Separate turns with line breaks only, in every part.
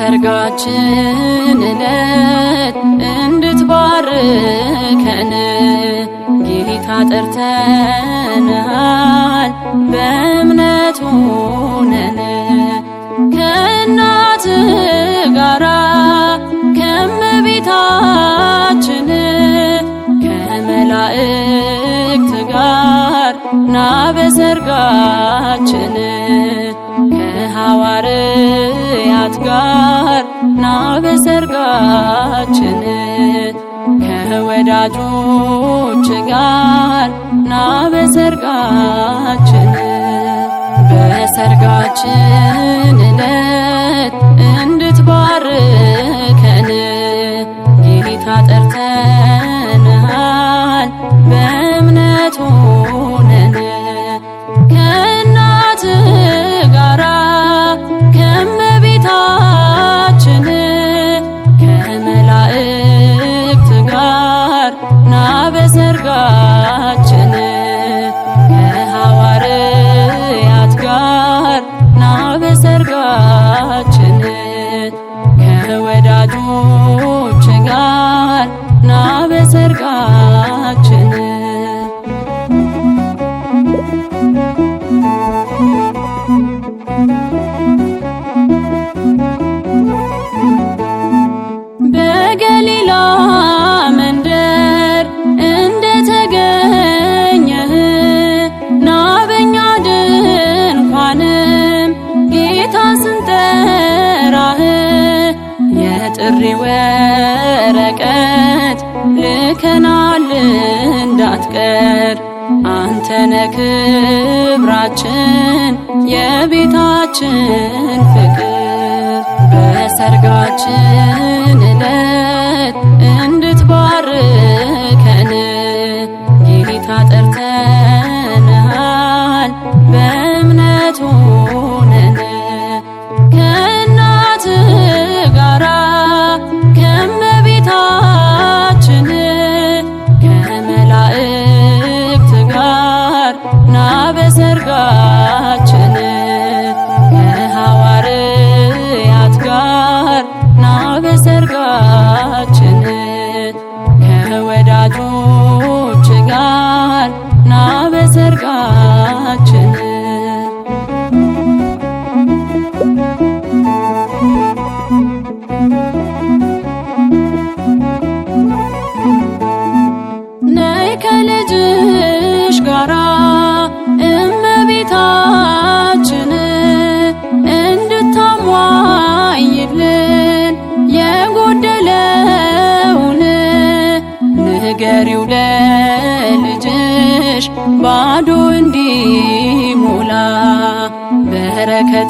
የሰርጋችን ዕለት እንድትባርከን ጌታ ጠርተናል። በእምነት ሆነን ከእናት ጋራ ከመቤታችን ከመላእክት ጋር ና በሰርጋችን ከሐዋርያት ጋር ልባችን ከወዳጆች ጋር ና በሰርጋችን በሰርጋችን ዕለት እንድትባርከን ጌታ ጠርተንሃል በእምነቱ ሌላ መንደር እንደተገኘህ ና በኛ ድንኳንም ጌታ ስንጠራህ የጥሪ ወረቀት ልከናል እንዳትቀር አንተነ ክብራችን የቤታችን ፍቅር በሰርጋችን በረከት እንድትባርከን ጌታ ጠርተናል በእምነቱ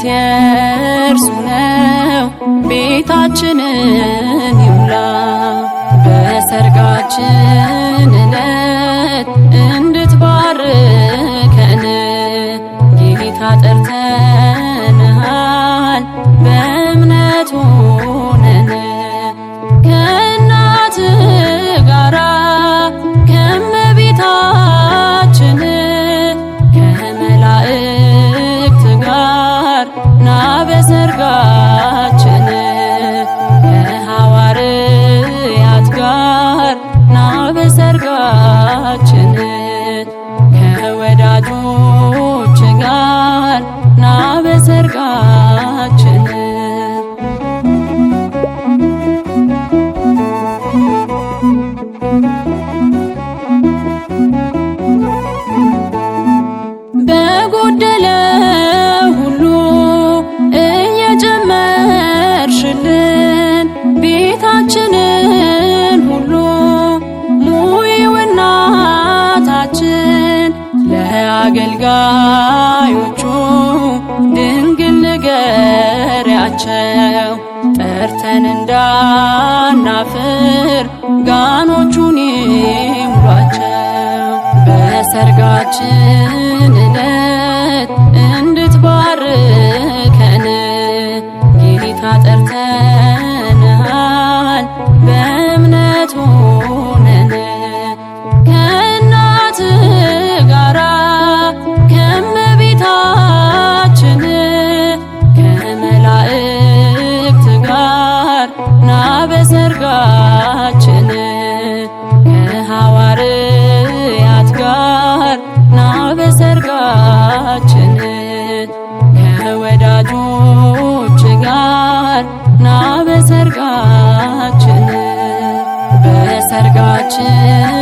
የእርሱ ነው ቤታችንን ይሙላ በሰርጋችን ዕለት እንድትባርከን ጌታ ጠርተንሃል በእምነት ሆነን ከእናት ፈርተን እንዳና watching.